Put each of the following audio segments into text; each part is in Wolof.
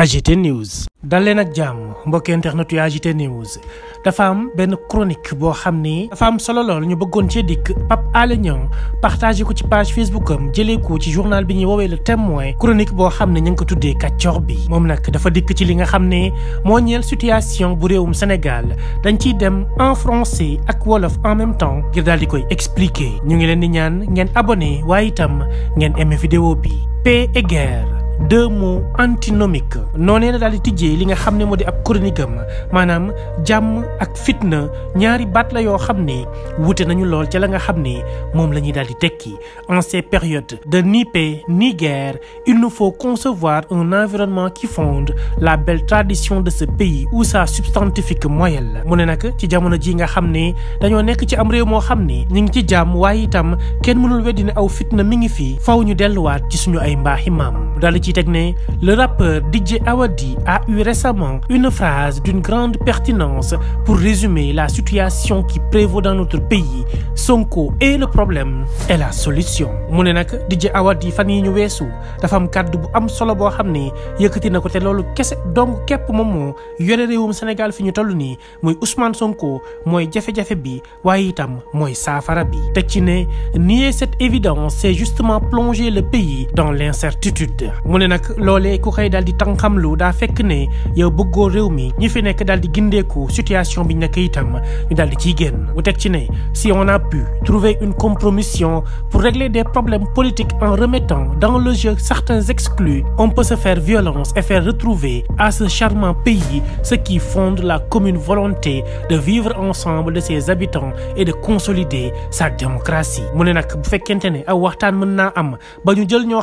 AGT News dal leen ak jàmm mbokki internet yu AGT News dafa am benn chronique boo xam ni dafa am solo lool ñu bëggoon cee dikk Pape Alé Niang partagé ko ci page Facebook am jëlee ko ci journal bi ñuy woowee le témoin chronique boo xam ne ñu ngi ko tuddee kàccor bi moom nag dafa dikk ci li nga xam ne moo ñeel situation bu réewum Sénégal dañ ciy dem en français ak wolof en même temps ngir daal di koy expliquer ñu ngi leen di ñaan ngeen abonné waaye itam ngeen aimé vidéo bi paix et guerre deux mots antinomiques noonee la daal di tijjee li nga xam ne moo di ab chronique maanaam jàmm ak fitna ñaari baat la yoo xam ne wute nañu lool ca la nga xam ne moom la ñuy daal di tekki en ces périodes de ni paix ni guerre il nous faut concevoir un environnement qui fonde la belle tradition de ce pays ou sa substantifique la mu ne nag ci jamono ji nga xam ne dañoo nekk ci am réew moo xam ne ñu ngi ci jàmm waaye itam kenn mënul weddi aw fitna mi ngi fii faw ñu delluwaat ci suñu ay mbaaxi ci teg ne le rappeur DJ Awadi a eu récemment une phrase d'une grande pertinence pour résumer la situation qui prévaut dans notre pays Sonko est le problème et la solution. mu ne nag DJ Awadi fan yi ñu weesu dafa am kàddu bu am solo boo xam ne yëkkati na ko te loolu kese donc képp moom moo yore réewum Sénégal fi ñu toll nii muy Ousmane Sonko mooy jafe-jafe bi waaye itam mooy saafara bi teg ci ne nier cette évidence c'est justement plonger le pays dans ne nag loolee ku koy daal di tànqamlu daa fekk ne yow bëggoo réew mi ñi fi nekk daal di gindeeku situation bi nekk itam ñu daal di ciy génn mu teg ci ne si on a pu trouver une compromission pour régler des problèmes politiques en remettant dans le jeu certains exclus on peut se faire violence et faire retrouver à ce charmant pays ce qui fonde la commune volonté de vivre ensemble de ses habitants et de consolider sa démocratie mu ne nag bu fekkente ne aw waxtaan mën naa am ba ñu jël ñoo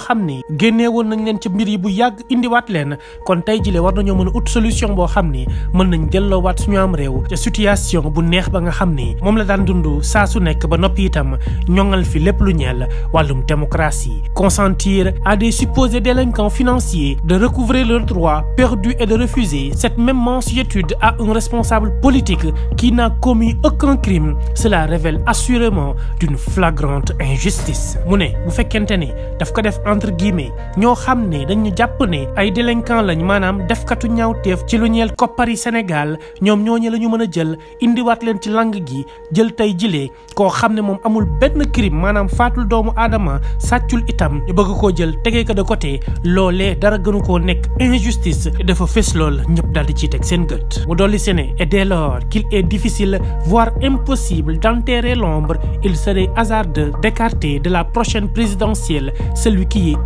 ci mbir yi bu yàgg indiwaat leen kon tey jile war nañoo mën a ut solution boo xam ni mën nañ delloowaat suñu am réew ca situation bu neex ba nga xam ni moom la daan dund saa su nekk ba noppi itam ñoŋal fi lépp lu ñeel wàllum démocratie consentir à des supposés délinquants financiers de recouvrer leurs droits perdus et de refuser cette même mansuétude à un responsable politique qui n'a commis aucun crime cela révèle assurément d'une flagrante injustice mu ne bu fekkente ni daf ko def entre guillemets ñoo xam ne dañu jàpp ne ay délinquant lañ maanaam defkatu ñaawteef ci lu ñeel koppari Sénégal ñoom ñooñu la ñu mën a jël indiwaat leen ci lang gi jël tey jilee koo xam ne moom amul benn crime maanaam faatul doomu aadama sàccul itam bëgg koo jël tegee ko de côté loolee dara gënu koo nekk injustice dafa fës lool ñëpp daal di ciy teg seen gët mu dolli se ne et dès lors qu'il est difficile voire impossible d'enterrer l'ombre il serait hasardeux d'écarter de la prochaine présidentielle celui qui est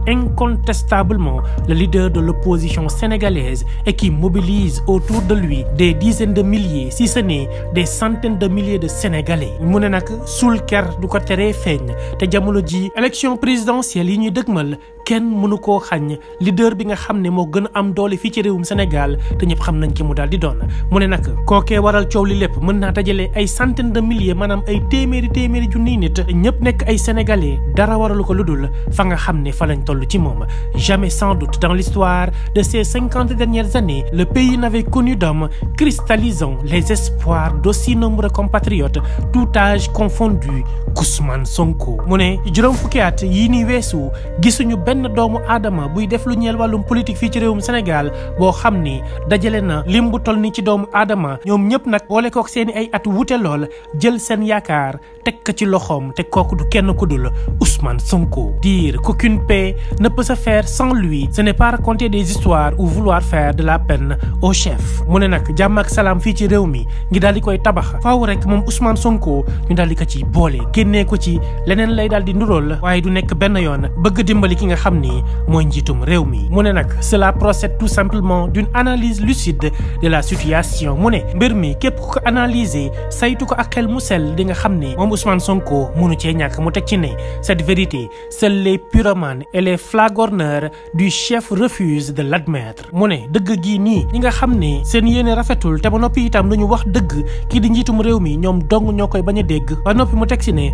véritablement le leader de l'opposition sénégalaise et qui mobilise autour de lui des dizaines de milliers si ce des centaines de milliers de Sénégalais mu ne nag suul ker du ko teree feeñ te jamono ji élection présidentielle yi ñuy dëgmal kenn mënu koo xàññ leader bi nga xam ne moo gën a am doole fii ci réewum Sénégal te ñëpp xam nañ ki mu daal di doon mu ne nag kookee waral coow li lépp mën naa dajale ay centaine de milliers maanaam ay téeméeri téeméeri junniy nit ñëpp nekk ay sénégalais dara waralu ko lu dul fa nga xam ne fa lañ toll ci moom jamais sans doute dans l'histoire de ces cinquante dernières années le pays n'avait connu d'homme cristallisant les espoirs d'aussi nombreux compatriotes tout âge confondu Ousmane Sonko mu benn doomu aadama buy def boo xam ni dajale na lim bu toll ni ci doomu aadama ñoom ñëpp nag boole kook seen i ay at wute lool jël seen yaakaar teg ko ci loxoom te kooku du kenn ku dul Ousmane Sonko. dire qu'aucune paix ne peut se faire sans lui ce n'est pas des histoires ou vouloir faire de la peine au chef mu ne nag jàmm ak salaam fii ci réew mi ngi daal di koy tabax faaw rek moom Ousmane Sonko ñu daal di ko ci boole génnee ko ci leneen lay dal di ndurool waaye du nekk benn yoon bëgg dimbali ki nga xam xam ni mooy njiitum réew mi mu ne nag cela procède tout simplement d'une analyse lucide de la situation mu ne mbir mi képp ku ko analyser saytu ko ak xel mu sell di nga xam ne moom Ousmane Sonko mënu cee ñàkk mu teg ci ne cette vérité seuls les pyromanes et les flagorneurs du chef refusent de l'admettre mu ne dëgg gii nii ñi nga xam ni seen yéene rafetul te ba noppi itam dañu wax dëgg kii di njiitum réew mi ñoom dong ñoo koy bañ dégg ba noppi mu teg ci ne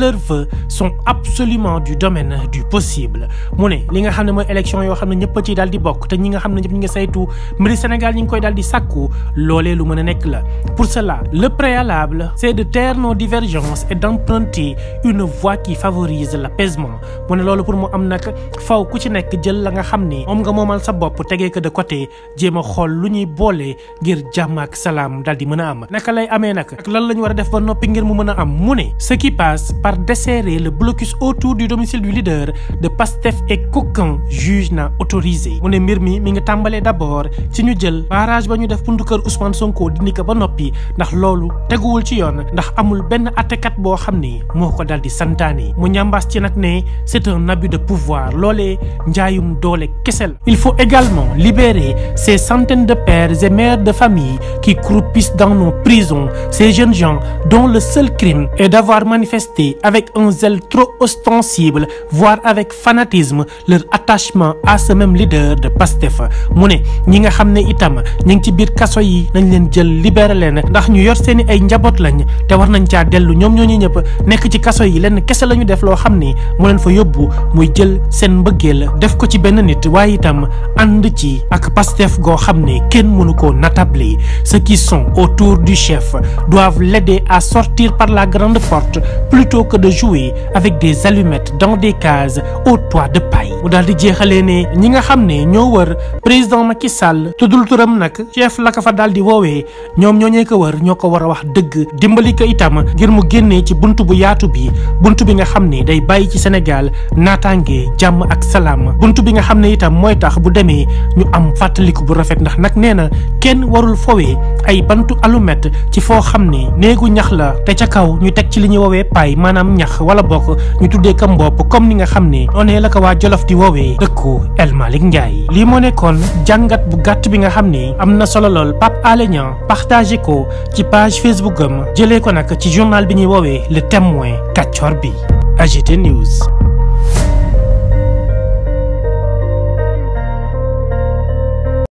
les cheveux sont absolument du domaine du possible mu ne li nga xam ne mooy élection yoo xam ne ñëpp a ciy daal di ñi nga saytu mbiri Sénégal ñi ngi koy daal di sàkku loolee lu mën a nekk la pour cela le préalable c'est de taire nos divergences et d'emprunter une voie qui favorise l'apaisement mu ne loolu pour mu am nag faw ku ci nekk jël la nga xam ni moom nga moomal sa bopp tegee ko de côté jéem a xool lu ñuy boole ngir jàmm ak salaam dal di mën a am naka lay amee nag ak lan la a a am mu ne ce resserrer le blocus autour du domicile du leader de PASTEF et qu'aucun juge n'a autorisé mu ne mbir mi mi d'abord ci ñu jël barrage ba ñu def buntu kër Ousmane Sonko dindi ko ba noppi ndax loolu teguwul ci yoon ndax amul benn attekat boo xam ni moo ko dal di santaane mu ñambaas ci nag ne c'est un abus de pouvoir loolee njaayum doole kese la il faut également libérer ces centaines de pères et mères de famille qui croupissent dans nos prisons ces jeunes gens dont un zèle trop ostensible voire avec fanatisme leur attachement à ce même leader de Pastef mu ne ñi nga xam ne itam ñu ngi ci biir kaso yi nañ leen jël libéré leen ndax ñu yor seen i ay njaboot lañ te war nañ caa dellu ñoom ñooñu ñëpp nekk ci kaso yi lenn kese la def loo xam ni mu leen fa yóbbu muy jël seen mbëggeel def ko ci benn nit waaye itam ànd ci ak Pastef goo xam ne kenn mënu ko natabli ceux qui sont autour du chef doivent l'aider à sortir par la grande porte jouer avec des allumettes dans des cases au toit de paille mu daal di jeexalee ne ñi nga xam ne ñoo wër président Macky Sall tuddul turam nag chef la fa daal di woowee ñoom ñoo ñee ko wër ñoo ko war a wax dëgg dimbali ko itam ngir mu génnee ci bunt bu yaatu bi bunt bi nga xam ne day bàyyi ci Sénégal nataange jàmm ak salaam bunt bi nga xam ne itam mooy tax bu demee ñu am fàttaliku bu rafet ndax nag nee na kenn warul fowee ay bantu allumette ci foo xam ne néegu Seex wala bokk ñu tuddee kam bopp comme ni nga xam ni onee la ko waa Jolof di woowee dëkku El Malick Ndiaye lii moo nekkoon jàngat bu gàtt bi nga xam ne am na solo lool Pape Alé Niang ko ci page Facebook am jëlee ko nag ci journal bi ñuy woowee Le Témoin kàccoor bi AGT News